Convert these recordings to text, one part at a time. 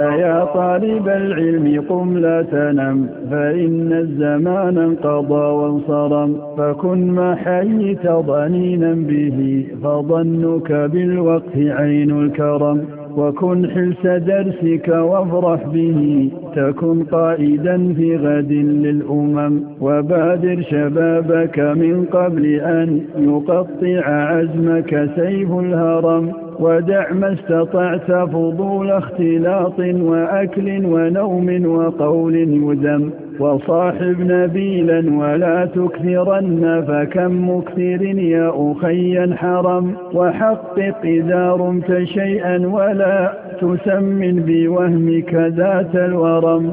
يا طالب العلم قم لا تنم فإن الزمان انقضى وانصرم فكن ما حييت ضنينا به فظنك بالوقت عين الكرم وكن حلس درسك وافرح به تكن قائدا في غد للأمم وبادر شبابك من قبل أن يقطع عزمك سيف الهرم ودع ما استطعت فضول اختلاط وأكل ونوم وقول يدم وصاحب نبيلا ولا تكثرن فكم مكثر يا أخي حرم وحقق إذا رمت شيئا ولا تسمن بوهمك ذات الورم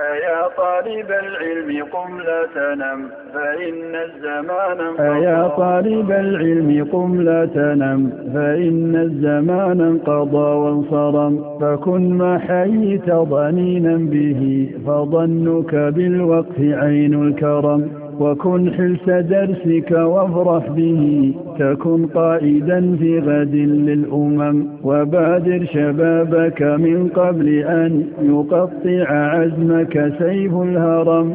أيا طالب العلم قم لا تنم فإن الزمان انقضى أيا طالب العلم قم لا تنم فإن الزمان انقضى وانصرم فكن ما حييت ضنينا به فظنك بالوقف عين الكرم وكن حلس درسك وافرح به تكن قائدا في غد للأمم وبادر شبابك من قبل أن يقطع عزمك سيف الهرم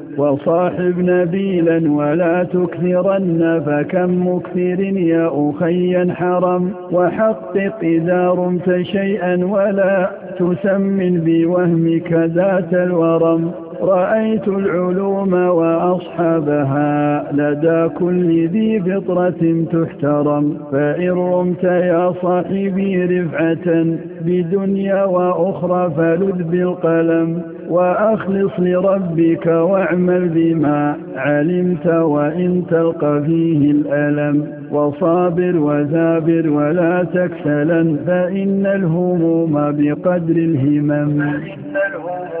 وصاحب نبيلا ولا تكثرن فكم مكثر يا أخي حرم وحقق إذا رمت شيئا ولا تسمن بوهمك ذات الورم رأيت العلوم وأصحابها لدى كل ذي فطرة تحترم فإن رمت يا صاحبي رفعة بدنيا وأخرى فلذ بالقلم وأخلص لربك واعمل بما علمت وإن تلقى فيه الألم وصابر وزابر ولا تكسلا فإن الهموم بقدر الهمم فإن الهموم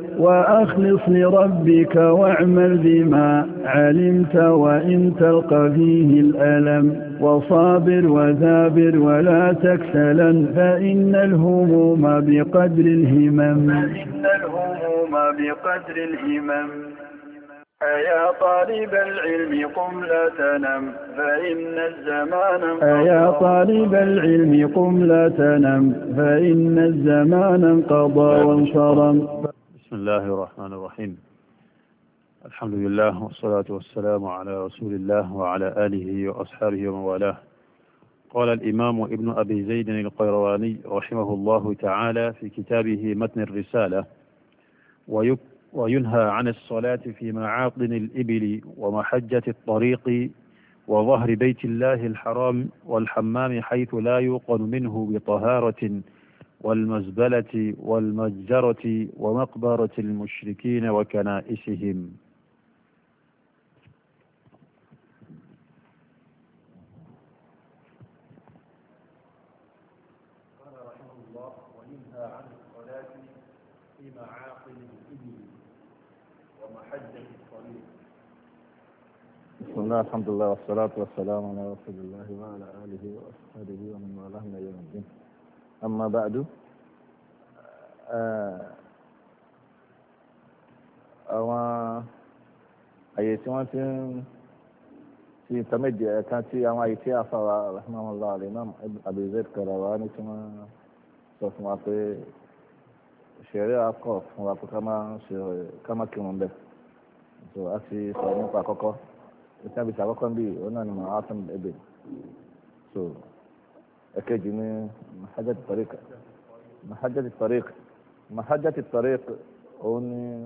وأخلص لربك واعمل بما علمت وإن تلقى فيه الألم وصابر وذابر ولا تكسلا فإن الهموم بقدر الهمم الهموم بقدر الهمم أيا طالب العلم قم لا تنم فإن الزمان انقضى أيا طالب العلم قم لا تنم فإن الزمان انقضى وانصرم بسم الله الرحمن الرحيم الحمد لله والصلاة والسلام على رسول الله وعلى آله وأصحابه ومن والاه قال الإمام ابن أبي زيد القيرواني رحمه الله تعالى في كتابه متن الرسالة وينهى عن الصلاة في معاطن الإبل ومحجة الطريق وظهر بيت الله الحرام والحمام حيث لا يوقن منه بطهارة والمزبلة والمجزرة ومقبرة المشركين وكنائسهم بسم الله الحمد لله والصلاة والسلام على رسول الله وعلى آله وأصحابه ومن والاه من يوم الدين أما بعد àwọn àyè tí wọ́n ti ń ti intermedi ẹ̀ka tí àwọn àyè tí àfàwà rahmanullah alimam abdulzid karawa ní tí wọ́n sọ fún wa pé ṣẹ̀rí akọ̀ fún wa pé ká má kírun bẹ́ẹ̀ so a ti sọ̀rọ̀ nípa àkọ́kọ́ ìtàbí sàkọ́kọ́ bíi ọ̀nà ni màá tún ẹ̀bẹ̀ so ẹ̀kejì ní mahajjat tariq mahajjat tariq mahajjat tariq òun ni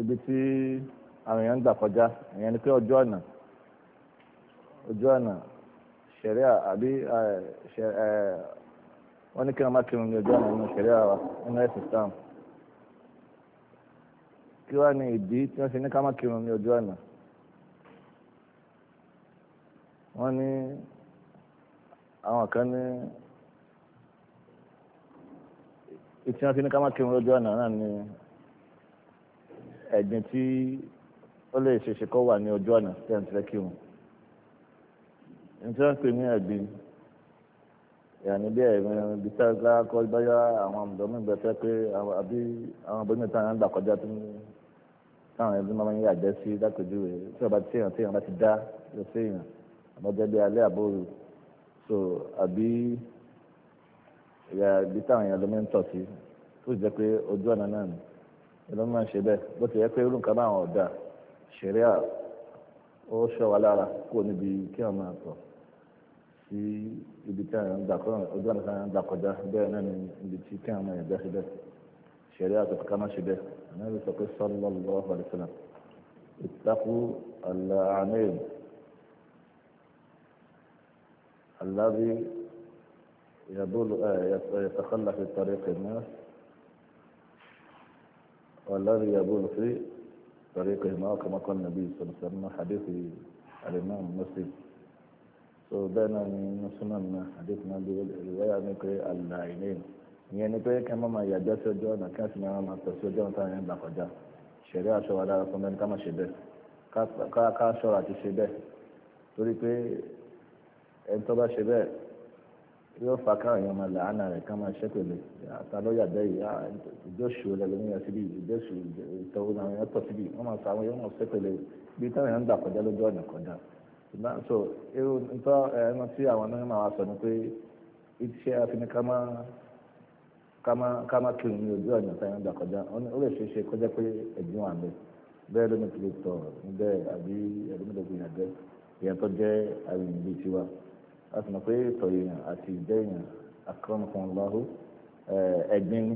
ibi tí àwọn èèyàn ń gbà kọjá ìyẹn ni pé ọjọ́ ọ̀nà ojú ọ̀nà ṣẹ̀ríà àbí wọ́n ní kí wọ́n má kírun ní ojú ọ̀nà nínú ṣẹ̀ríà wa nínú ẹ̀sìn Islam kí wá ní ìdí tí wọ́n ṣe ní ká má kírun ní ojú ọ̀nà wọ́n ní àwọn kan ní ìtí wọn fi ní ká má kírun lójú ọ̀nà náà ni ẹ̀gbin tí ó lè ṣeéṣe kó wà ní ojú ọ̀nà tí ẹ̀ ń tẹ́ kírun nítorí wọn pè ní ẹ̀gbin yàní bí ẹ̀gbin ibi tí wọn kọ́ báyà àwọn ọ̀dọ́mí gbẹ fẹ́ pé àbí àwọn ọ̀dọ́mí tí wọn gbà kọjá tó ń táwọn ẹbí máa ń yàgbẹ́ sí lápèjúwe tí wọn bá tí èèyàn tí èèyàn bá ti dá lọ so àbí ìyá ibi táwọn èèyàn lómi ń tọ̀ sí tó jẹ́ pé ojú ọ̀nà náà ni ló máa ń ṣe bẹ́ẹ̀ bó ti yẹ pé irú nǹkan báwọn ọ̀dà ṣẹ̀ríà ó ṣọ́ wa lára kó níbi kí wọ́n máa tọ̀ sí ibi tí àwọn ń gbà ojú ọ̀nà táwọn gbà kọjá bẹ́ẹ̀ náà ni ibi tí kí àwọn èèyàn bẹ́ẹ̀ bẹ́ẹ̀ ṣẹ̀ríà tó ká ṣe bẹ́ẹ̀ ló sọ pé الذي يدل يتخلى في طريق الناس والذي يدل في طريقهما كما قال النبي صلى الله عليه وسلم حديث الإمام مسلم سودانا من سنن حديث النبي رواية نقرأ اللاعنين ìyẹn ni pé kí wọn máa yàgbẹ́ sí ojú ọ̀nà kí wọn sì máa máa tọ̀ sí ojú ọ̀nà táwọn yẹn gbà kọjá ẹni tó bá ṣe bẹ́ẹ̀ yóò fa káwọn èèyàn máa làánà rẹ̀ ká máa ṣẹ́ pẹ̀lú àtàlọ́yà bẹ́ẹ̀ yìí ah, ìjọ́sù lẹ́lẹ́mìíràn síbi ìjọ́sù ìtọ́wò àwọn èèyàn tọ̀ síbi wọ́n máa sa àwọn èèyàn ṣẹ́ pẹ̀lú bí táwọn ń gbà kọjá lójú ọ̀nà kọjá so irú ntọ́ tí àwọn náà máa sọ ni pé iṣẹ́ afinni ká máa ojú láti mọ̀ pé ìtọ̀ èèyàn àti ìjẹ́ èèyàn akọ́nùkan ọláhù ẹ̀gbin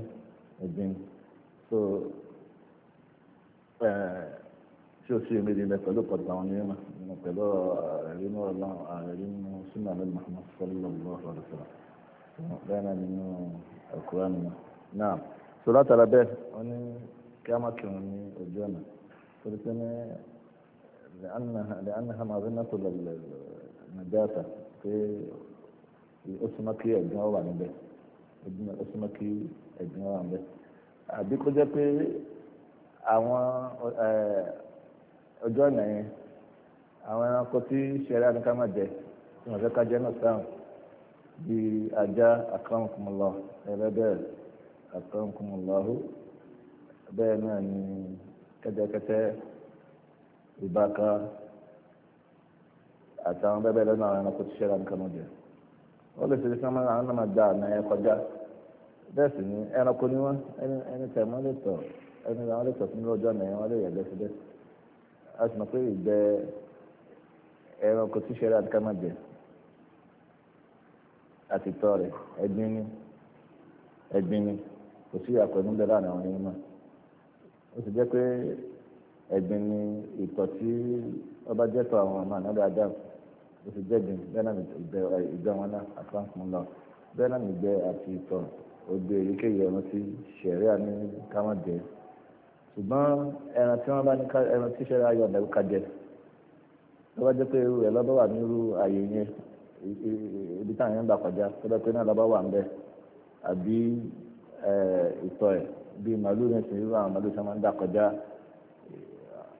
ẹ̀gbin so tí o sì yẹ méjì lẹ pẹ̀lú pọ̀tà àwọn yẹn náà pẹ̀lú àrínú ọlọ́run àrínú súnà ní Muhammad sallallahu alaihi wa sallam bẹ́ẹ̀ náà nínú Al-Qur'an nínú náà so látara bẹ́ẹ̀ wọ́n ní kí a máa kírun ní ojú ọ̀nà torí pé ní lẹ́yìn náà máa rí náà tó lọ nàìjíríà pé ó súnmọ́ kí ẹ̀gbọ́n wà níbẹ̀ ó àbí kó jẹ́ pé àwọn ọjọ́ ọ̀nà yẹn àwọn ẹranko tí jẹ tí wọ́n fẹ́ ká jẹ́ náà sáwọn bíi ajá akramakumullah ẹlẹ́dẹ̀ bẹ́ẹ̀ náà àtàwọn bẹ́ẹ̀ bẹ́ẹ̀ lọ́nà àwọn ẹranko ti ṣẹ́ra nǹkan mọ́jẹ ó lè ṣe kí wọ́n náà da àná ẹ kọjá bẹ́ẹ̀ sì ni ẹranko ni wọ́n ẹni tẹ̀ wọ́n lè tọ̀ ẹni àwọn lè tọ̀ sí ní ọjọ́ náà wọ́n lè yẹ̀ lẹ́sí bẹ́ẹ̀ a sì mọ̀ pé ìgbẹ́ ẹranko ti ṣẹ́ra nǹkan mọ́jẹ àti tọ́ rẹ̀ ẹ̀gbin ni ẹ̀gbin ni kò sí àpò níbẹ̀ láàrin àwọn onímọ̀ ó ti jẹ́ pé ẹ̀gbin ni ìtọ̀ tí ọba jẹ́tọ̀ àwọn ọmọ àná dáadáa oṣù jẹ́gbìn bẹ́ẹ̀ náà ìgbẹ́ ìgbẹ́ wọn náà àtúntàn lọ bẹ́ẹ̀ náà ìgbẹ́ àti ìtọ̀ odò èyíkéyìí ọ̀run tí ṣẹ̀ríà ní kámọ́jẹ ṣùgbọ́n ẹran tí wọ́n bá ní ẹran tí ṣẹ̀ríà yọ̀ ọ̀dà ká jẹ tó bá pé irú rẹ̀ lọ́dọ̀ wà ní irú yẹn ibi táwọn yẹn ń gbà kọjá tó pé náà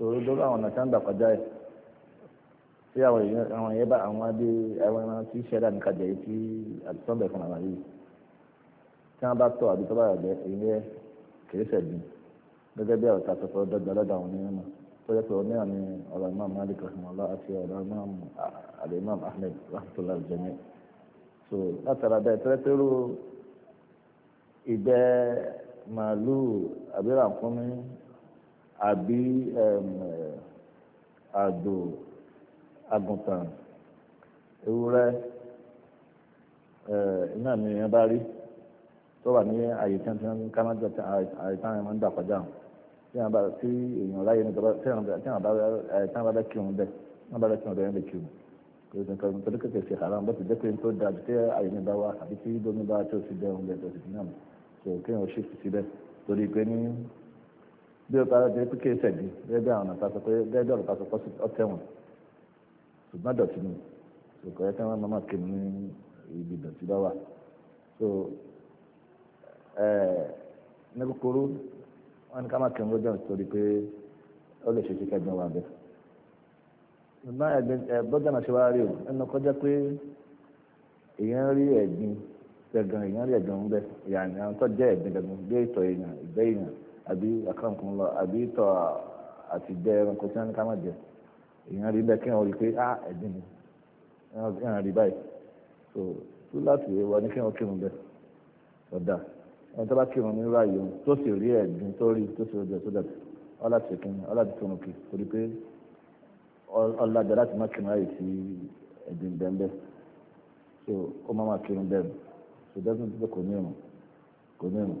sòrò lórí àwọn ọ̀nà tí wọ́n gbà kọjá ẹ̀ tí àwọn èèyàn àwọn yẹn bá àwọn adé àwọn ẹran tí ṣẹ́dá ní kàjẹ́ yìí tí àdìsọ́ńbẹ̀ fún àwọn yìí tí wọ́n bá tọ̀ àbí tó bá yà jẹ́ èyí yẹ kìí ṣẹ̀dí gẹ́gẹ́ bí àwọn tàṣọ fọ́ dọ́gba lọ́dọ̀ àwọn onímọ̀ tó yẹ pé òní àmì ọ̀rọ̀ imam malik rahmanlá àti ọ̀rọ̀ imam àlẹ́ imam ahmed rahmatulah jẹ́mi so látara bẹ́ẹ̀ tẹ́lẹ́tẹ́rù ìgbẹ́ màálù àbí ràǹkúnmí àbí àgbò àgùntàn ewúrẹ́ iná ni èèyàn bá rí tó wà ní àyè tí wọ́n ti ń ká máa ń dàpọ̀ àyè tí wọ́n máa ń dàpọ̀ dáhùn tí èèyàn bá tí èèyàn láyé ní tọ́ba tí èèyàn bá tí wọ́n bá bẹ́ kírun bẹ́ẹ̀ tí wọ́n bá bẹ́ kírun bẹ́ẹ̀ lè kírun kò sí nǹkan tó kékeré ṣe haram bó ti jẹ́ pé n tó da àbí tí àyè ní bá wá àbí tí domi bá tó ti jẹun bẹ́ẹ̀ tó ti fi náà kò kéèyàn ṣe fi síbẹ̀ torí pé ní bí o tara jẹ pé kí ẹsẹ̀ àwọn ọ̀nà pé gẹ́gẹ́ ọ̀rọ̀ pàṣẹ pọ́sí ọ̀tẹ̀wọ̀n ṣùgbọ́n ni kí ibi dọ̀tí bá so ní kúkúrú wọn ní ká máa kí nítorí pé ó lè ṣe ṣe náà ṣe wá rí o ẹnu kọjá pé èèyàn rí èèyàn rí àbí àkàràǹkùnmọ́ àbí ìtọ̀ àti jẹ ẹranko tí wọ́n ní ká má jẹ èèyàn rí bẹ́ẹ̀ kí wọ́n rí pé á ẹ̀dín ni èèyàn rí báyìí so tó láti wọ ní kí wọ́n kírun bẹ́ẹ̀ ọ̀dà ẹni tó bá kírun ní ráàyè òun tó sì rí ẹ̀dín tó rí tó sì rí ọjọ́ tó dàbí ọlá ti kí ni ọlá ti tó nùkì torí pé ọlá jẹ láti má kírun ráàyè sí ẹ̀dín bẹ́ẹ̀ so ó má má kírun bẹ́ẹ̀ so dẹ́kun tó kò ní ìrùn kò ní ìrùn.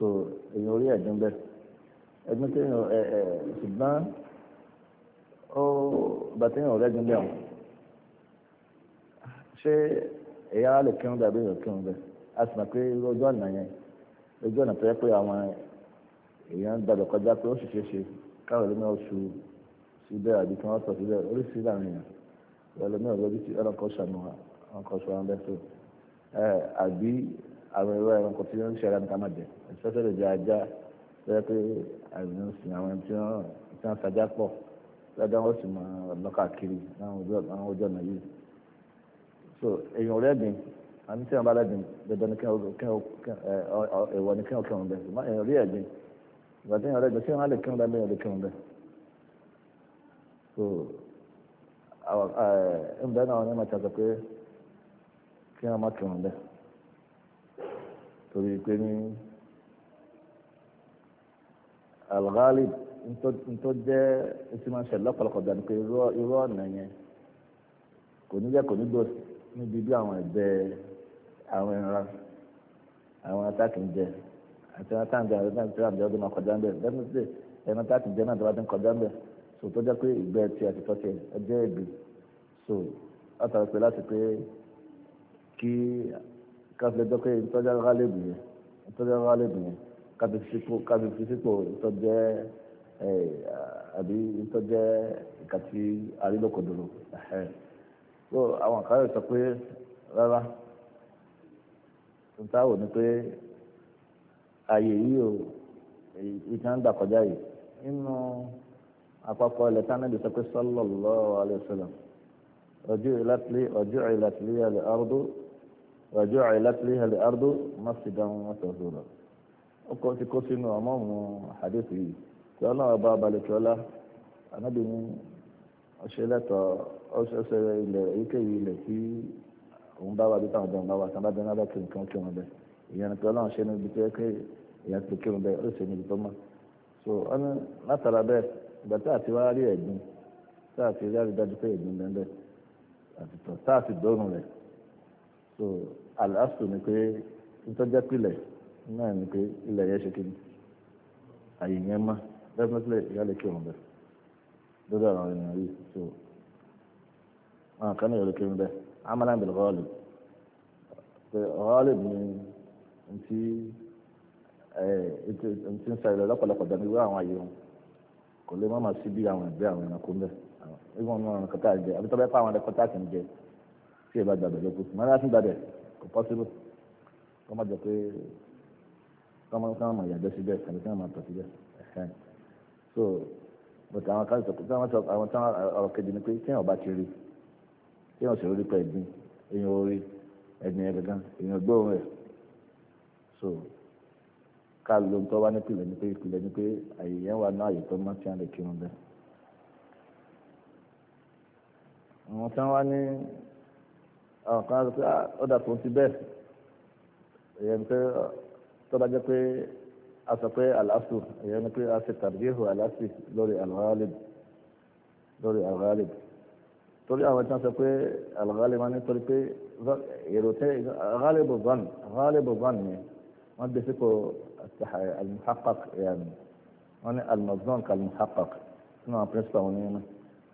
so èyàn orí ẹ̀dùn bẹ́ẹ̀ ẹ̀dùn tí èyàn ẹ̀ ẹ̀ ṣùgbọ́n ó bàtí èyàn ọ̀rẹ́dùn bẹ́ẹ̀ wọn ṣé èyàn á lè kírun bẹ́ẹ̀ àbí èyàn kírun bẹ́ẹ̀ a sì mọ̀ pé lójú ọ̀nà yẹn lójú ọ̀nà tó yẹ pé àwọn èyàn ń gbàgbọ́ kọjá pé ó sì ṣeé ṣe káwọn ẹlẹ́mí oṣù síbẹ̀ àbí kí wọ́n sọ síbẹ̀ oríṣiríṣi láàrin yẹn ẹlẹ́mí ọ̀rọ̀ bí ti ẹ̀rọ kọ́ ṣàmùhà ọ̀kọ̀ ṣọ́ àbí àwọn ẹ̀rọ ẹranko tí wọ́n ń ṣẹ̀ra nǹkan máa jẹ especially bí ajá lọ́yẹ́ pé àìsàn ń sin àwọn tí wọ́n ti ń sajá pọ̀ lọ́dọ̀ wọ́n sì máa lọ́kà kiri láwọn ojú ọ̀nà yìí so èèyàn ò rẹ́gbìn àmì tí wọ́n bá rẹ́gbìn dandan ni kí ẹ̀wọ̀ ni kí wọ́n kírun bẹ́ẹ̀ ṣùgbọ́n èèyàn rí ẹ̀gbìn ìgbà tí èèyàn rẹ́gbìn sí wọn á lè kírun bẹ́ẹ̀ lè kírun bẹ́ẹ̀ so ẹ̀ ń bẹ́ẹ̀ náà wọ́n ní ma ṣàtọ̀ pé kí wọ́n má kírun bẹ́ẹ̀ torí pé ní alghalib ntọ́ jẹ́ etí máa ń ṣẹlẹ̀ lọ́pọ̀lọpọ̀ dání pé irú ọ̀nà yẹn kò ní jẹ́ kò ní gbòòsì níbi bí àwọn ẹ̀bẹ̀ àwọn ẹran àwọn atáàkì ń jẹ àti wọn táǹgà àti wọn tí wọn àbí ọdún máa kọjá ń bẹ lẹ́nu ẹran táàkì ń jẹ náà tó bá ti ń kọjá ń bẹ so tó jẹ́ pé ìgbẹ́ ti àti tọ́tì ẹjẹ́ ẹ̀bì so látàrí pé láti pé kí káfílẹ̀ jọ pé ìtọ́jà gálẹ́bù yẹn ìtọ́jà gálẹ́bù yẹn káfífi sípò ìtọ́jẹ́ àbí ìtọ́jẹ́ ìkàtí àrílòkòdòrò so àwọn kan yóò sọ pé rárá níta wò ni pé ààyè yìí o ìtàn gbà kọjá yìí nínú àpapọ̀ ilẹ̀ tí anábì sọ pé sallallahu alaihi wasallam ọjọ́ ìlàtìlẹ̀ ọjọ́ ìlàtìlẹ̀ al-ardu. وجعلت لها الأرض مسجدا وطهورا ọkọ ti kó sínú ọmọọmọ àdéhùn yìí tí ọlọ́run ọba tí òun bá wà bá wà tán bá bẹ́ẹ̀ náà bá kí nǹkan kírun bẹ́ẹ̀ ìyẹn pé ọlọ́run so so àlàáfù ni pé ìtọ́jà pilẹ̀ náà ni pé ilẹ̀ yẹn ṣe yẹn definitely ìyá lè kí lórí àwọn ènìyàn yìí so àwọn kan yóò lè kí amala ń bẹ̀rẹ̀ pé rọ́ọ̀lì ni ntí ntí ń sa ilẹ̀ dání wí àwọn àyè wọn kò lè má máa sí àwọn ẹgbẹ́ àwọn ẹ̀nà kó jẹ tí ẹ bá gbàgbẹ́ lóko sí mọ́ra fún gbàgbẹ́ kò pọ́sibú kọ́ má jọ pé kọ́ má má yàgbẹ́ síbẹ̀ tàbí kọ́ má tọ̀ síbẹ̀ ẹ̀hẹ́n so but àwọn kan sọ pé àwọn sọ àwọn tán ọ̀rọ̀ kejì ni pé téèyàn bá ti rí téèyàn sì rí pẹ̀ ẹ̀gbin èèyàn orí ẹ̀gbin ẹ̀ gangan èèyàn gbóòórùn ẹ̀ so ká ló ń tọ́ wá nípìnlẹ̀ ni pé ìpìlẹ̀ ni pé àyè yẹn wà náà àyè tó má ti hàn lè kírun bẹ́ẹ̀. àwọn tí wọ́n wá ní àwọn kan sọ pé ọ̀dà ah, tó ń ti bẹ́ẹ̀ ìyẹn pé tọ́ba jẹ́ pé a sọ pé àlàáfù ìyẹn pé a ṣe tàbíhù àlàáfù lórí àlùhálìb lórí àlùhálìb torí àwọn tí wọ́n sọ pé àlùhálìb wọn nítorí pé èrò tẹ́ àlùhálìb zọ́ọ̀nù àlùhálìb zọ́ọ̀nù ni wọ́n gbé sípò àlùmùhàkàk ìyẹn wọ́n ní àlùmọ̀zọ́ọ̀n kàlùmùhàkàk nínú àwọn pírísítà wọn ní náà.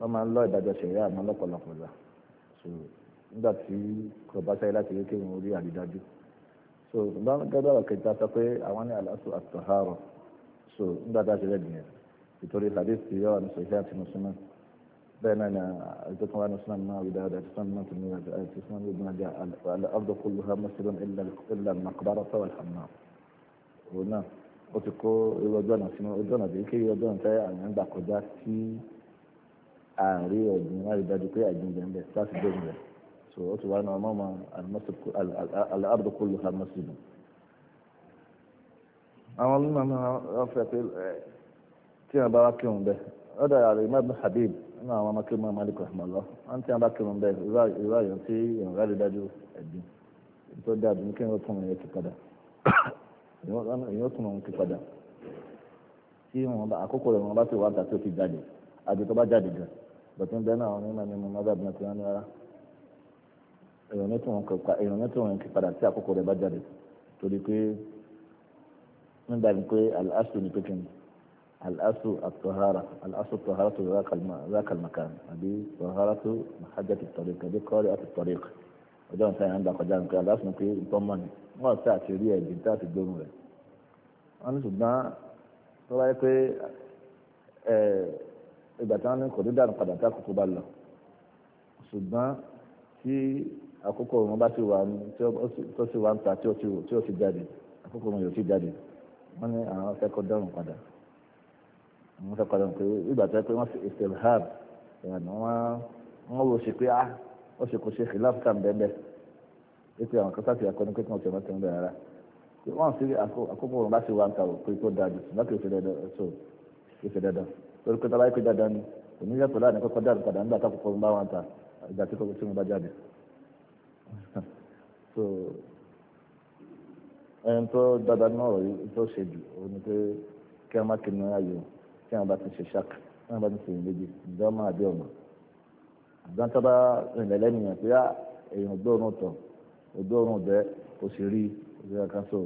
wọ́n máa ń lọ ìdájọ́ ṣẹ̀rí àmọ́ lọ́pọ̀lọpọ̀ gbà so nígbà tí kò bá sáyé láti rí kéwọn orí àrídájú so bá gẹ́gẹ́ ọ̀rọ̀ kẹta sọ pé àwọn ní aláṣọ àtọ̀hárọ̀ so nígbà tá a ṣe rẹ̀ nìyẹn ìtòrí hadith tí yọ àmì sọ̀hí àti mùsùlùmí bẹ́ẹ̀ náà ni àìsíkùn wani sùnà náà wí dáadáa àti sùnà náà tún ní àti sùnà ní ìgbìmọ̀ jẹ́ àlọ́ kúlù ha mùsùlùm ilà màkàbárà tó alhàmà òun náà ó ti kó ojú ọ̀nà sínú ojú ọ̀nà kí ojú ọ̀nà tẹ́ àyàn gbà kọjá tí àárí ọ̀gbìn láti dájú pé àgbìnjẹ ń bẹ̀ láti dóhùn rẹ̀ so ó ti wá náà ọmọ aláàbò kò lù ha mọ́sídù. àwọn onímọ̀ náà wọ́n fẹ́ pé tí wọ́n bá wá kírun bẹ́ẹ̀ ọ̀dà àrẹ imam habib nínú àwọn ọmọ kírun malik rahmanlọ wọ́n tí wọ́n bá kírun bẹ́ẹ̀ irú àyọ̀ tí èèyàn rárá dájú ẹ̀gbìn tó dáàbò ní kí wọ́n tún wọn yẹn ti padà èèyàn tún wọn ti padà tí àkókò rẹ̀ wọn bá ti wà ń ta tó ti jáde àbí tó bá jáde gan-an. bàtún bẹ́ẹ̀ náà onímọ̀ nínú mọ́gàbí náà ti wá ní ara èèyàn mẹ́tò wọn kí padà tí àkókò rẹ̀ bá jáde torí pé nígbà ní pé al-aslu ní pé kíni al-aslu at-tahara al-aslu at-tahara tó záka al-makan àbí at-tahara tó mahajjat at-tariq àbí kọ́ọ̀rì at-tariq ọjọ́ nǹkan yẹn ń gbà kọjá nǹkan al-aslu ní pé nǹkan mọ́ni wọ́n ti àti rí ẹ̀jẹ̀ tí a ti gbóhùn rẹ̀ wọ́n ní ṣùgbọ́n tó wáyé pé ẹ̀ẹ́ ìgbà tí wọ́n ní kò ní dànù padà tá kòkó bá lọ ṣùgbọ́n tí àkókò òun bá ti wà tó sì wà ń ta tí ó ti jáde àkókò òun yóò ti jáde wọ́n ní àwọn akẹ́kọ̀ọ́ dànù padà wọ́n fẹ́ padà pé ìgbà tó yẹ pé wọ́n fi istilhab ìrànà wọ́n wọ́n wò ṣe pé ah ó ṣe kò ṣe khilafta bẹ́ẹ̀ pé àwọn kan akọni pé kí wọ́n ti ọmọ tẹ̀wọ́n bẹ̀rẹ̀ rárá wọ́n sì àkókò òun bá ti wà ń ta òkú tó dáa torí pé tàbí dáadáa ni òní yàtọ̀ láàrin kọ́kọ́ jáde padà nígbà tá kọ́kọ́ ń bá wọn ta ìgbà tí kọ́kọ́ tí mo bá jáde. so ẹni tó dáadáa nínú ọ̀rọ̀ yìí tó ṣe jù òun ni pé kí wọ́n má kí ni ayò kí wọ́n bá ti ṣe ṣáàkì kí wọ́n bá ti ṣe ìyìn méjì ǹjẹ́ ọmọ àbí ọmọ àgbọn tó rìnlẹ̀ lẹ́nu yẹn pé èèyàn gbóòórùn tọ̀ ògbóòórùn bẹ́ẹ̀ kò sì rí òṣèré kan so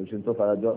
òṣèré tó farajọ́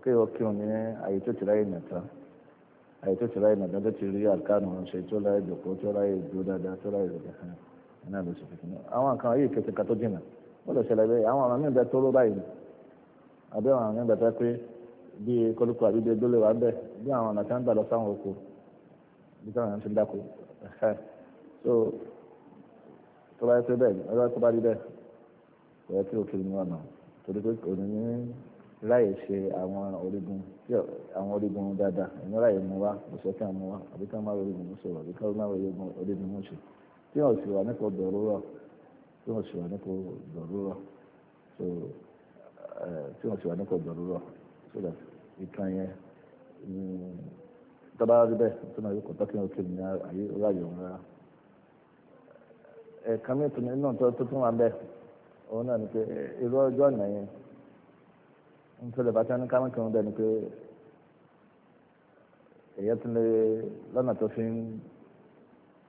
kí o kí o ní àyè tó ti ráyè nàta àyè tó ti ráyè nàta tó ti rí àkànù ṣe tó ráyè dòkó tó ráyè dúró dáadáa tó ráyè dòkó hàn iná ló ṣe fìfún àwọn nǹkan yìí kẹsì kan tó jìnà ó lè ṣẹlẹ̀ bẹ́ẹ̀ àwọn àmì ìgbà tó rú báyìí àbí àwọn àmì ìgbà tó pé bí kólókó àbí bí gbólé wà bẹ́ẹ̀ bí àwọn ọ̀nà tí wọ́n sáwọn oko bí táwọn èèyàn dáko so tó bá yẹ pé bẹ́ẹ̀ ọjọ́ tó bá rí bẹ́ẹ̀ kò yẹ kí òkè láyè ṣe àwọn orígun àwọn orígun dáadáa ẹ̀yìn mú wa kí a mú wa àbí ká má orígun mú àbí ká má orígun mú ṣe tí wọ́n sì wà nípa dọ̀rúrọ̀ tí sì wà so tí wọ́n sì wà nípa dọ̀rúrọ̀ so that ìtàn yẹn tọ́ba rí tó náà yóò kọ́ tọ́kí ayé ẹ̀ka mi tó náà tó wà bẹ́ẹ̀ òun náà pé ọjọ́ nítorí bàtà ní káwọn kan bẹ́ẹ̀ ni pé èyí tún lè lọ́nà tó fi ń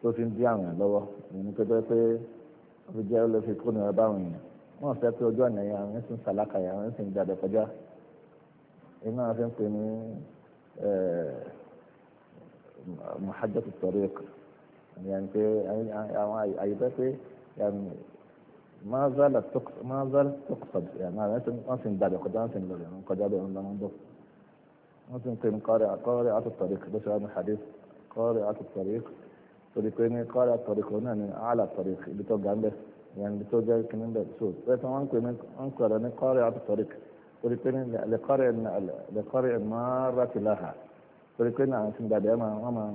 tó fi ń dí àwọn èèyàn lọ́wọ́ èyí ni pé bẹ́ẹ̀ pé ó fi jẹ́ ó lè fi kúrò níwọ̀n báwọn èèyàn wọ́n fẹ́ pé ojú ọ̀nà yẹn àwọn èèyàn sì ń sàlákà yẹn àwọn èèyàn sì ń jáde kọjá èyí náà fi ń pè ní eh, muhajjatu tariq ìyẹn pé ما زالت تقصد ما زالت تقصد يعني ما سنداد قد سنداد يعني قد هذا عندنا منظور ممكن قارعة قارعة الطريق بس هذا الحديث قارعة الطريق طريقين قارعة الطريق هنا يعني أعلى الطريق اللي توقع عنده يعني اللي توقع كمان ده سوس بس ممكن أنكر يعني قارعة الطريق طريقين لقارع لقارع مرة لها طريقين عن سنداد ما ما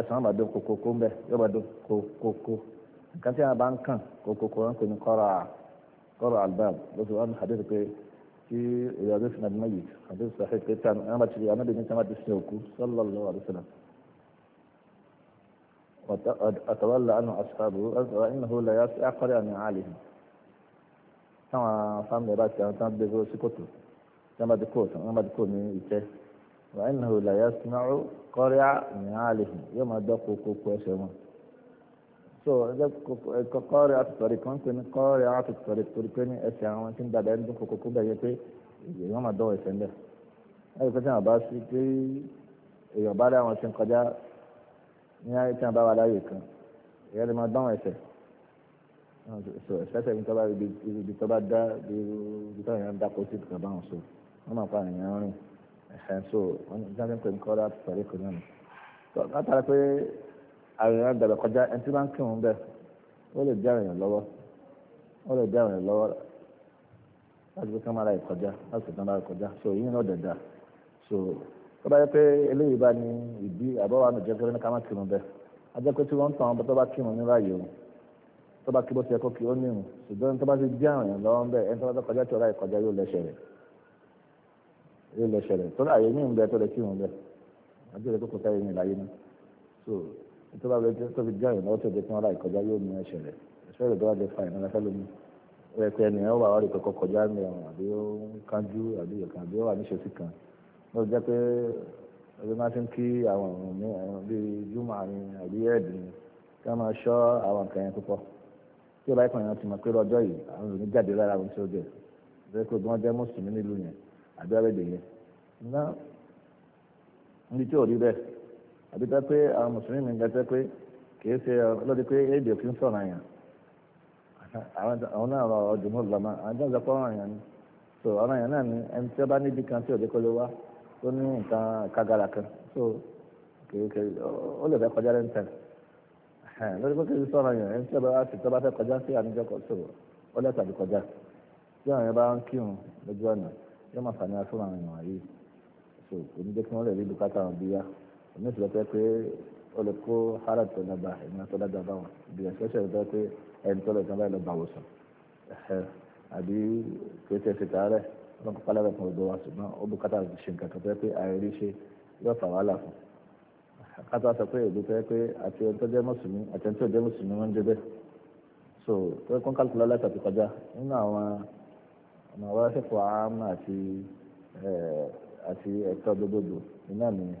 اسمه بدو كوكو كومبه يبدو كوكو nǹkan tí a bá ń kàn kókókó wọn pè ní kọ́ra kọ́ra albab lọ́sọ̀ wọn hadith pé tí èyí ọdún sinadí náà yìí hadith sahih pé tán ẹ̀ bá ti rí anábì ní sábà ti sin òkú sallallahu alaihi wasallam. وتولى عنه أصحابه وإنه لا يسأقر عن عليهم táwọn fámìlì bá ti àwọn tán gbé gbó sí kòtò tí wọn bá ti kó tí wọn bá ti kó ní so kọ́ọ̀rẹ́ àtìsọ̀rí kan pé ní kọ́ọ̀rẹ́ àtìsọ̀rí torí pé ní ẹsẹ̀ àwọn tí ń dada ẹni tó kókó kó bẹ̀ yẹ pé èèyàn máa dọ̀wọ̀ ẹsẹ̀ ńlẹ̀ láti pé tí wọn bá sí pé èèyàn bá rí àwọn tí ń kọjá ní ayé tí wọn bá wà láàyè kan èèyàn lè máa dọ̀wọ̀ ẹsẹ̀ so ẹsẹ̀ mi tó bá ibi tó bá dá ibi tó yẹn ń dáko sí ìtàn báwọn so wọn máa pa èèyàn rìn ẹ̀hẹ́ so wọn ní àwọn èèyàn gbàgbà kọjá ẹni tí wọ́n ń kírun bẹ́ẹ̀ wọ́n lè dí àwọn èèyàn lọ́wọ́ wọ́n lè dí àwọn èèyàn lọ́wọ́ láti fi kán máa ra ìkọjá láti fi kán máa ra ìkọjá so yìí náà dẹ̀dà so tó bá yẹ pé eléyìí bá ní ìdí àbọ̀wá mi jẹ́ pé ká má kírun bẹ́ẹ̀ a jẹ́ pé tí wọ́n ń tàn án tó bá kírun ní ráàyè o tó bá kí bó ti yẹ kó kí ó nírun ṣùgbọ́n tó bá ti dí àwọn èèyàn lọ́wọ́ bẹ́ẹ̀ ẹni tó bá kọjá tí ọ̀rá ìkọjá yóò lẹ́sẹ̀ rẹ̀ yóò lẹ́sẹ̀ rẹ̀ tó ráàyè ní ìbẹ́ tó lè kírun bẹ́ẹ̀ àjẹ́ rẹ̀ kókò sáyé ní ìlàyé tó bá bẹ̀rẹ̀ tó fi jáde lọ́wọ́ tó dé fún ara ìkọjá yóò ní ẹsẹ̀ rẹ̀ ẹsẹ̀ rẹ̀ tó bá jẹ́ fa ìnira fẹ́ lómi rẹ̀ pé ẹni ẹ̀ wà ọ̀rẹ́ kọ̀kọ́ kọjá ní ọ̀run àbí ó ń kánjú àbí ìyọ̀kan àbí ó wà ní ìṣesí kan ló jẹ́ pé ẹbí máa ti ń kí àwọn ọ̀run ní ẹ̀rùn bíi júmọ̀ àní àbí ẹ̀ẹ́dì ni kí wọ́n máa ṣọ́ àwọn nǹkan yẹn púpọ̀ tí ó bá ìpàdé náà ti mọ̀ pé lọ́jọ́ yìí àwọn ènìyàn jáde lára ohun tí ó jẹ́ bẹ́ẹ̀ pé wọ́n jẹ́ mùsùlùmí nílùú yẹn àbí ọ̀rẹ́dẹ̀ yẹn. ní tí ò rí bẹ́ẹ̀ àbí tẹ́ pé àwọn mùsùlùmí mi ń gẹ́tẹ́ pé kìí ṣe lọ́dí pé èdè òkè ń sọ̀rọ̀ àyàn àwọn náà rọ ọdún mọ́ lọ́mọ àwọn jẹ́ ọ̀zọ́pọ̀ ọ̀ràn yẹn ni so ọ̀ràn yẹn náà ni ẹni tí ó bá níbi kan tí òde kó lè wá tó ní nǹkan kagara kan so kìí kìí ó lè fẹ́ kọjá lẹ́nu tẹ̀ lórí pé kìí sọ̀rọ̀ yẹn ẹni tí ó bá ti tọ́ bá fẹ́ kọjá sí àníjọ́ kọ so ó lè tàbí kọjá tí àwọn yẹn bá ń kírun lójú ọ̀nà yóò máa fà ní so kò ní jẹ́ kí wọ́n lè rí bùkátà èmi ti lọ pẹ́ pé olùkó hara tó lọ bá èmi tó lọ́dọ̀ bá wọn bí ẹ̀ṣẹ́ ṣe lọ pé ẹni tó lọ sàn báyìí lọ bá wò sàn àbí kò tẹ̀ ṣe tààrẹ̀ wọn kò pálẹ̀ rẹ̀ fún ọgbọ́n wa ṣùgbọ́n ó bu kátà ṣe nǹkan kan pẹ́ pé àìrí ṣe yóò fà wàhálà fún kátà sọ pé èdè pẹ́ pé àti ẹni tó jẹ́ mùsùlùmí àti ẹni tó jẹ́ mùsùlùmí wọn jẹ bẹ́ẹ̀ so tó kún kálukú lọ́lá ìtàkì kọjá nínú àwọn ọmọ wa ṣẹ̀kọ̀ àmà àti ẹ̀ẹ́d àti ẹ̀tọ́ gbogbogbò iná nìyẹn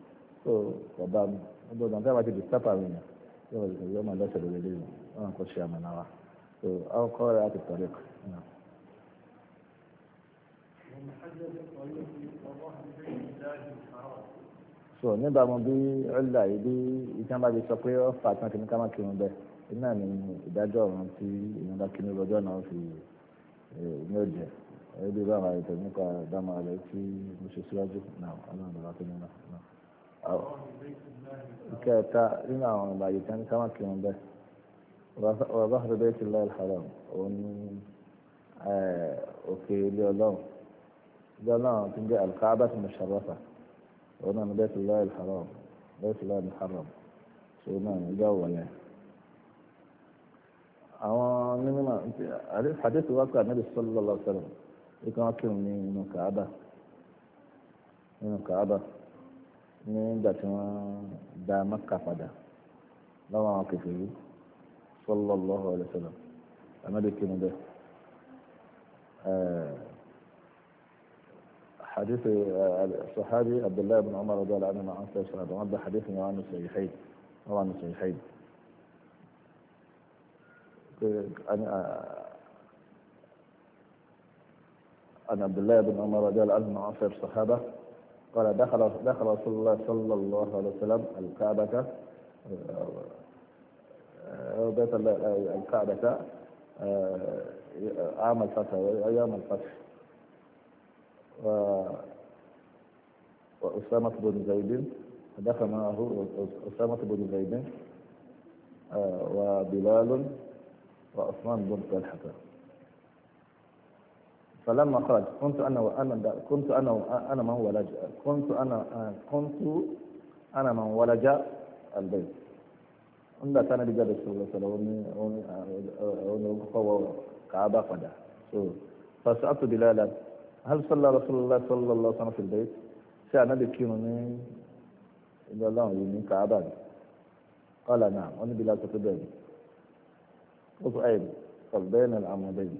so bàbá mi ọgbọ́dọ̀ àti àwọn àti disturb àwọn èèyàn yóò yọ máa lọ́sẹ̀ lórí eléyìí wọn kò ṣe àmàlà wa so àwọn kọ́ ra ti tọ̀rẹ́ kù. so níbàámu bí ọ̀là yìí bí ìtàn bá ti sọ pé ọ̀fà tán kìíní ká má kírun bẹ́ẹ̀ iná ni ìdájọ́ ọ̀run tí ìyẹn bá kí ní náà fi ní òjẹ́ ẹ̀ẹ́dì bá nípa ìdámọ̀ rẹ̀ tí mo ṣe síwájú náà ọlọ́run tó كتا لما وانا بعد كان كما كان بس وظهر بيت الله الحرام ون آه اوكي لي الله قال لا تنجي الكعبة المشرفة وانا بيت الله الحرام بيت الله المحرم شو ما جو يعني أو من ما الحديث واقع النبي صلى الله عليه وسلم يكون أكل من الكعبة من الكعبة nga tí wọ́n da maka padà lọ́wọ́ àwọn kèfèrí sallallahu alaihi wasallam amadu kinu bẹ́ẹ̀ حديث الصحابي عبد الله بن عمر رضي الله عنهما عن سيدنا الصحابة وعند حديث عن الصحيحين أو عن الصحيحين عن عبد الله بن عمر رضي الله عنهما عن سيدنا الصحابة قال دخل دخل رسول الله صلى الله عليه وسلم الكعبة آه، آه، بيت آه، الكعبة عام الفتح أيام الفتح وأسامة بن زيد دخل معه أسامة بن زيد وبلال وعثمان بن طلحة فلما خرج كنت انا وانا كنت انا انا من ولج كنت انا كنت انا من ولج البيت nígbà tí anabi jáde sọ̀rọ̀ sọ̀rọ̀ oní oní oní kọ́wọ́ kàába padà so pàṣẹ àtúndìláàlà alṣọlá rasulillah sọlọlọ sanfilde ṣé anabi kírun ní ilé ọlọ́run yìí ní kàába ni kọ́là náà wọ́n níbi láti tó bẹ́ẹ̀ ni ó sọ ayé kọ̀ọ̀bẹ́ẹ̀ náà àmọ́ bẹ́ẹ̀ ni.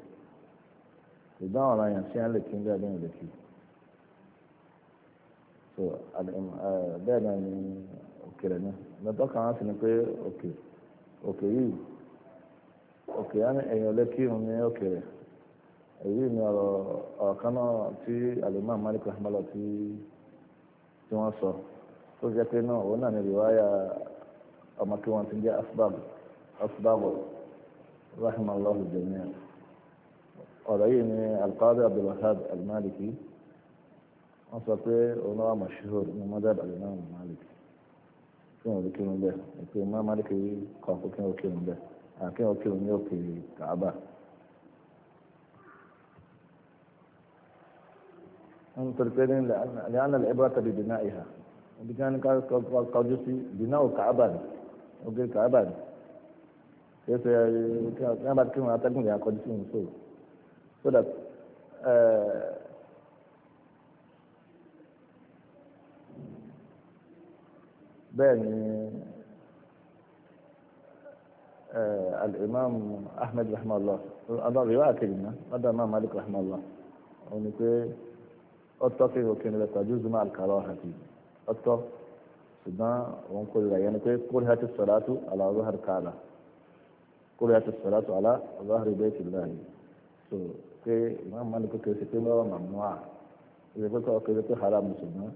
ìdán ọ̀rọ̀ yẹn sí alẹ́ kí n bẹ́ẹ̀ lẹ́yìn so bẹ́ẹ̀ náà ni òkèlè náà lọ́tọ́ kan na sì ni pé oke yi yìí òkè á ní ẹ̀yìn lẹ́kì òun ní òkèlè ni ọ̀rọ̀ ọ̀rọ̀ kan náà malik sọ tó jẹ́ pé náà òun náà ni ọmọ ti jẹ́ asbab asbab عليه القاضي عبد الوهاب المالكي أصبح أنه مشهور من مذهب الإمام المالكي كما ذكر من ده يقول ما مالكي قاف كما ذكر من ده لكن ذكر من يوكي كعبة هم تركين لأن العبرة ببنائها وبكان القدسي بناء كعبة وقل كعبة كيف يمكن أن تكون أتكلم لها قدسي مصور so طيب، آه، بين آه، الإمام أحمد رحمه الله هذا رواية كلمة هذا الإمام مالك رحمه الله ونقول أتفق وكن لا تجوز مع الكراهة أتفق سبحان ونقول لا يعني كي كرهت الصلاة على ظهر كعبة هات الصلاة على ظهر بيت الله so pé ìmọ̀ mọ́ni pé kìí ṣe pé mọ́rọ̀ màmú à ìṣe pé kọ́ kìí ṣe pé haram ṣùgbọ́n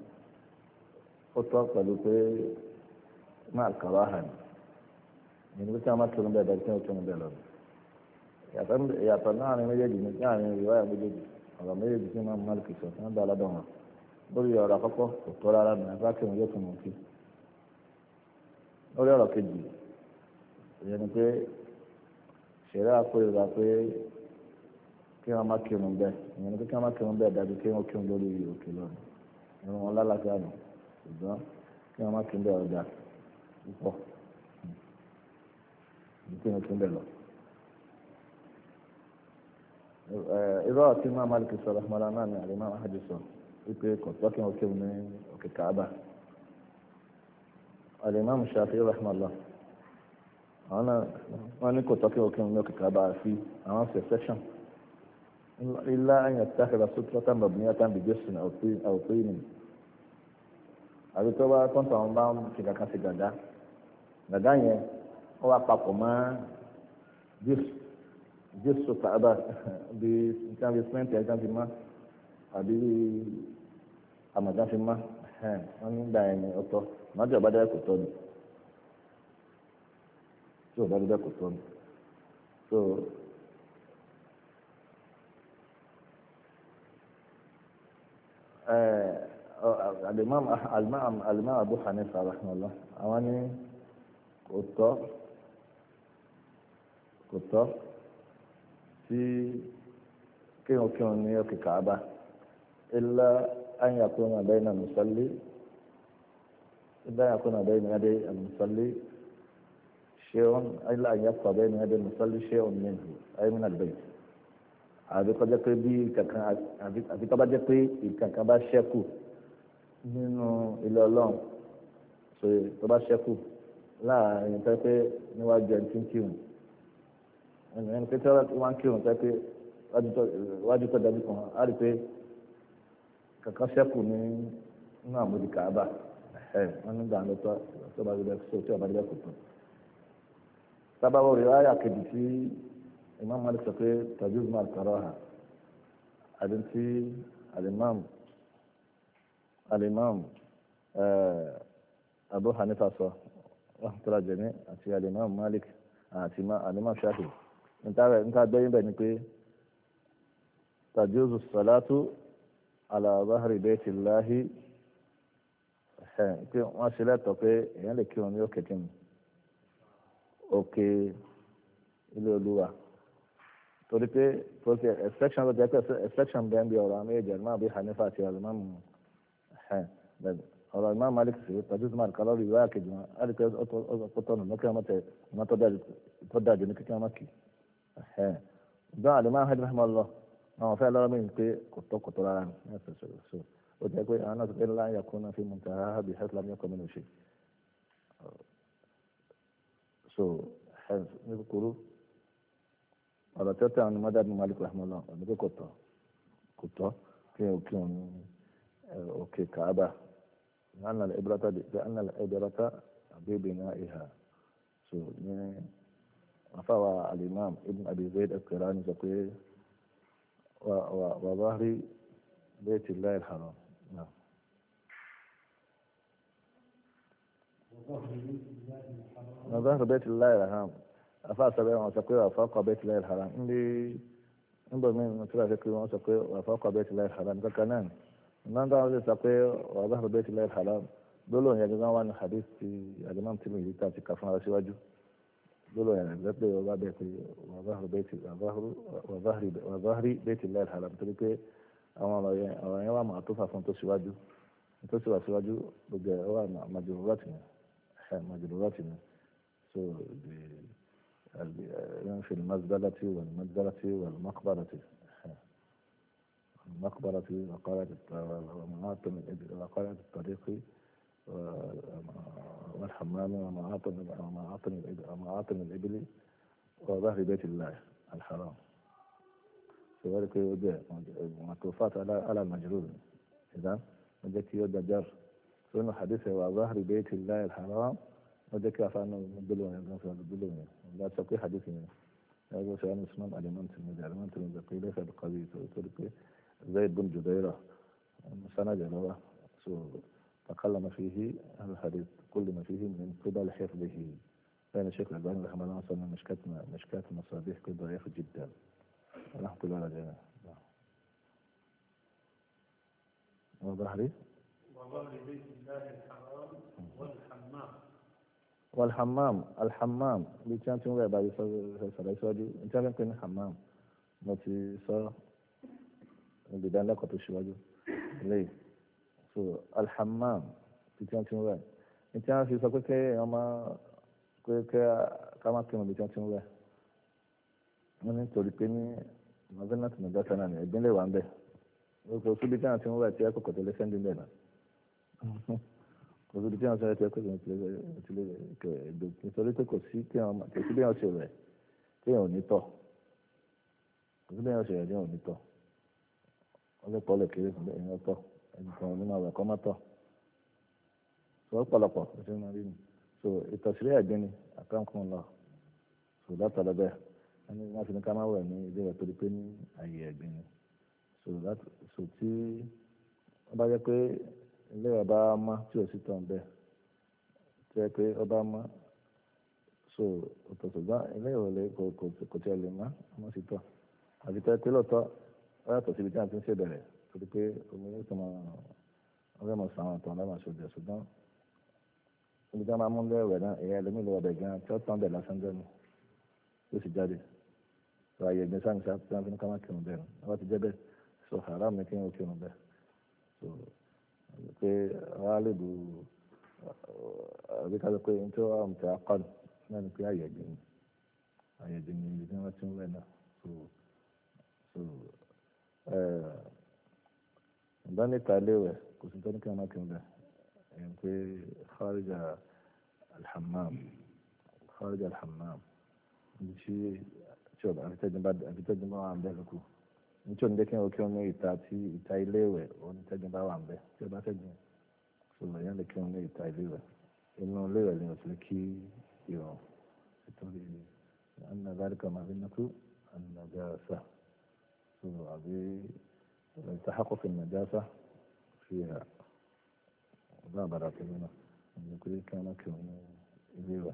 ó tọ́ pẹ̀lú pé máa kàwá hàn ní ní pé máa tún bẹ́ẹ̀ bẹ́ẹ̀ tí wọ́n tún bẹ́ẹ̀ lọ. ìyàtọ̀ náà ni méjèèjì ní láàrin ìwáyà méjèèjì ọ̀rọ̀ méjèèjì tí máa mọ́ni kìí sọ tí wọ́n dá aládọ́ wọn lórí ọ̀rọ̀ àkọ́kọ́ kò tọ́ rárá ní apá kí wọ́n yóò tún mọ̀ kí. lórí ọ̀rọ̀ kejì ìyẹn ni pé ṣẹ̀rẹ́ àpò ìrora pé kí wọ́n má kírun bẹ́ẹ̀ ìyẹn ni pé kí wọ́n má kírun bẹ́ẹ̀ dájú kí wọ́n kírun lórí òkè lọ́nà ìrun wọn lálàáfíà nù ṣùgbọ́n kí wọ́n má kírun bẹ́ẹ̀ ọjà púpọ̀ ju kí wọ́n kírun bẹ́ẹ̀ lọ. irú ọ̀rọ̀ tí máa Malik sọ rahmanu náà ni àlè máa hajj sọ wípé kò tọ́ kí wọ́n kírun ní òkè Kaaba àlè máa mú Shafi'i rahmanu àwọn náà wọ́n ní kò tọ́ kí wọ́n kírun ní òkè Kaaba àfi àwọn ṣe section. إلا أن يتخذ سترة مبنية بجسم أو طين أو طين àbí tó bá tó ń tàn bá ń fi kankan sí gàdá gàdá yẹn ó wà papọ̀ mọ́ jésù jésù sàbà bí nǹkan fi pẹ́ǹtì ẹ̀kan fi mọ́ àbí àmọ̀gán fi mọ́ wọ́n ní gbà yẹn alimam alimam alimam abu hanifa rahmanulah àwọn ní kò tọ́ kò tọ́ tí kéwọn kéwọn ní ọkẹ kàába ilá anyakuna bẹ́ẹ̀ni àmùsọ́lé ilá anyakuna bẹ́ẹ̀ni adé àmùsọ́lé ṣéun ilá anyakuna bẹ́ẹ̀ni adé àmùsọ́lé ṣéun mẹ́hù ayémínà bẹ́ẹ̀ àbíkọ́ jẹ́ pé bí kankan àbíkọ́ bá jẹ́ pé ìkankan bá ṣẹ́kù. nínú ilé ọlọ́run ṣe tó bá ṣẹ́kù láàrin tẹ́ n'iwa níwájú ẹni tí ń kírun ẹni pé tí ń kírun tẹ́ wájú tó dájú kan á rí i pé kankan ṣẹ́kù ní inú àmójì kàába ní tó bá so tí ọba débẹ̀ kò tán. Imam alimam eh, abu hanifa sọ rahmatulah jẹmi àti alimam malik àti alimam shafi nta gbẹ́yìn bẹ́ẹ̀ ni pé tajuzu salatu ala bahri bayti llahi pé wọ́n ṣe lẹ́tọ̀ pé èèyàn lè kírun ní òkè kí ni òkè ilé olúwa torí pé exception ló jẹ́ pé exception bẹ́ẹ̀ ń bí ọ̀rọ̀ àmì ìjẹ̀rìmọ́ àbí hanifa àti alimam ọ̀rọ̀ Imam Malik sí tàbí Usman kan lórí ìwé àkejì wọn á rí pé ọ̀pọ̀tọ̀nù mọ́kí wọn tẹ wọn tó dájú ní kíkí wọn kì í. ìgbọ́n àlùmọ́ ahmed mahmed lọ àwọn fẹ́ lọ́rọ́ mìíràn pé kò tọ́ kò tọ́ rárá ni wọ́n ti sọ̀rọ̀ so ó jẹ́ pé àwọn náà ti pé láyà kó náà fi mú ta ha bí hẹ́tìlá mi ọkọ̀ mi lò ṣe. so ní kúkúrú ọ̀rọ̀ tẹ́tẹ́ àwọn ni mọ́dàbí Malik rahman lọ ọ̀nà pé kò tọ́ kò tọ́ آه، أوكي كعبة لأن الإبرة لأن الإبرة ببنائها سو ne afawa al-imam ibn abi zaid al-qirani zakwe wa wa بيت الله الحرام نعم وظهر بيت الله الحرام أفا سبعين وسقي وفوق بيت الله الحرام إني إنبر من متلا فكري وفوق بيت الله الحرام ذكرناني ìmáà dáhùn ṣe sọ pé ọ̀bá àbẹ̀bẹ̀ ti lẹ́yìn haram lọ́lọ́ yẹn gẹ́gẹ́ wà ní hadith ti alimam tí mi yìí ta ti kà fún ara síwájú lọ́lọ́ yẹn rẹ̀ pé ọba bẹ́ẹ̀ pé wàzáhìrì bẹ́ẹ̀ ti lẹ́yìn haram torí pé àwọn ọ̀rọ̀ yẹn wà máa tó fà fún tó síwájú tó sì wà síwájú gbogbo ẹ̀ wà màjòlúrátì ni ẹ̀ màjòlúrátì ni so the ẹ̀ ẹ̀ ń fi màjòlúrátì wà màjòlúrátì المقبرة في مقالة ومعاطم وقالة الطريق آه، والحمام ومعاطم ومعاطم ومعاطم الإبل وظهر بيت الله الحرام كذلك يودع معطوفات على على مجرور إذا ودك يودع جر فإنه حديثه وظهر بيت الله الحرام ودك فأنا دلوني دلوني لا تقي حديثي هذا سؤال اسمه الإمام الترمذي الإمام الترمذي قيل في القضية تركي زيد بن جبيرة سند له تكلم فيه أهل الحديث كل ما فيه من قبل حفظه لأن الشيخ الألباني رحمه الله أصلا مشكات مشكات المصابيح كده ضعيفة جدا رحمة الله على وظهري وظهري لي؟ بيت الله الحرام والحمام والحمام الحمام اللي كان موضع بعد سلايسوجي انت يمكن الحمام ما تي níbi ìdánilẹ́kọ̀ọ́ tó ṣíwájú lẹ́yìn so alhamam títí wọn ti ń wẹ̀ ní tí wọn fi sọ pé kẹ́ ẹ̀yàn máa pé kẹ́ ká má kírun ibi tí wọn ti ń wẹ̀ wọn ní torí pé ní mazenat nàìjíríà sánà ní ìbílẹ̀ wà ń bẹ̀ ó sọ síbi tí wọn ti ń wẹ̀ tí ẹ kọ̀kọ̀ tẹ̀lé sẹ́ndí bẹ̀ náà kò síbi tí wọn sọ ẹ tí ẹ kọ̀kọ̀ tẹ̀lé ẹ̀dọ̀ nítorí pé kò sí kí wọn kò sí bí wọn ṣe rẹ̀ kí wọn ò ní tọ̀ kò sí bí wọn ṣe rẹ̀ kí wọn ò ní tọ̀ ọlọ́pàá lè kéré fún ẹ̀yìn ọ̀tọ̀ ẹnìkan nínú ọ̀rọ̀ ẹ̀kọ́ mọ́tọ̀ so ọ̀pọ̀lọpọ̀ ṣe máa rí ni so ìtọ̀sílẹ̀ ẹ̀gbin ni àkàǹkùn lọ so látọ̀lọ́ bẹ́ẹ̀ ẹni wọ́n fi ní ká máa wẹ̀ ní ilé rẹ̀ torí pé ní àyè ẹ̀gbin ni so tí wọ́n bá jẹ́ pé ilé rẹ̀ bá mọ́ tí o sí tán bẹ́ẹ̀ tí wọ́n pé ọba mọ́ so ọ̀tọ̀ ṣùgbọ́n ilé ìrọ̀lẹ́ kò tiẹ̀ lè mọ́ ọmọ sí tán àbí tẹ́ pé lọ́tọ̀ wọ́n yàtọ̀ síbi tí a ti ń ṣèbẹ̀rẹ̀ torí pé omi yóò tún máa wọ́n fẹ́ mọ̀ sàn àwọn tàn lẹ́mọ̀ sójà ṣùgbọ́n ibi tí wọ́n máa mú lẹ́wẹ̀ẹ́ náà ẹ̀yà ẹlẹ́mì lọ́wọ́ bẹ̀ tí wọ́n tán bẹ̀ lásán jẹ́nu yóò sì jáde sọ àyè ẹ̀gbẹ́ sáà ní sáà tí wọ́n fi ń ká kírun bẹ́ẹ̀ ni wọ́n ti jẹ́ bẹ́ẹ̀ sọ haram ni kí wọ́n kírun bẹ́ẹ̀ so pé wọ́n á lè bu àbí ká ló pé ní tí wọ́n á mú tẹ akọ́n náà ni pé àyè ẹ̀gbẹ́ ni àyè ẹ̀gbẹ́ ni ibi tí wọ́n ti ń wẹ̀ náà so so Eh, ǹdán níta léwẹ̀ kò sí tẹ́lẹ̀ kí wọ́n máa kí n bẹ̀ ẹ̀ ń pé kharija alhammam kharija alhammam ní tí tí ọba àfitẹ́jú bá wà ń bẹ̀ lóko ní tí òun dékẹ́ òkè ọmọ ìta tí ìta iléèwẹ̀ òun tẹ́jú bá wà ń bẹ̀ tí ọba tẹ́jú sọ̀rọ̀ yẹn lè kí wọn ní anna dhalika mazinatu an-najasa. بتحقق النجاسة فيها لا برات لنا نقول كان كم إذا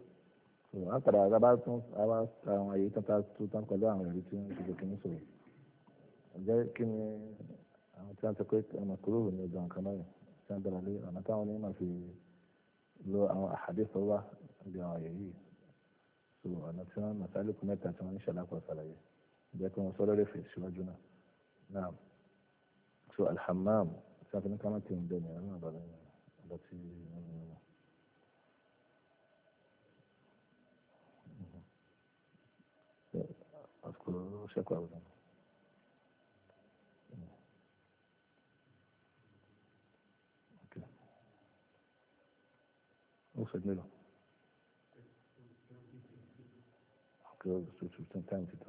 أترى هذا بعد أبى أي تنتظر تنتظر كل يوم يبيتون في كم يسوي جاي كم كان تقول أنا كلوه نجوان كمان كان دلالي أنا تاوني ما في لو أنا أحاديث الله اللي هي سو أنا كان مسألة كم تنتظر إن شاء الله كل سنة جاكم وصل لفي شو جنا نعم سوء الحمام سافر كم أنت من الدنيا ما بعد أذكر شكوى أبداً وصل له. Okay, so it's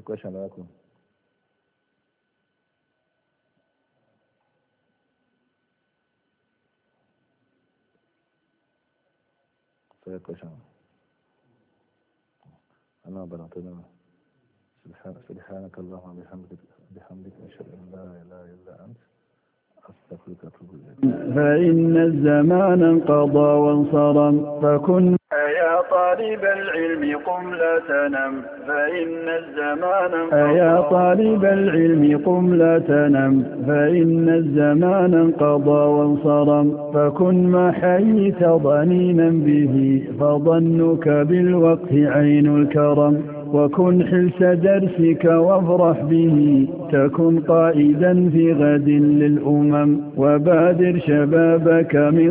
It's a question about that. It's a question. أنا بنعتذر سبحانك اللهم وبحمدك بحمدك أشهد أن لا إله إلا أنت أستغفرك وأتوب إليك فإن الزمان انقضى وانصرم فكن أيا طالب العلم قم لا تنم فإن الزمان انقضى أيا طالب العلم قم لا تنم فإن الزمان انقضى وانصرم فكن ما حييت ضنينا به فظنك بالوقت عين الكرم وكن حلس درسك وافرح به تكن قائدا في غد للأمم وبادر شبابك من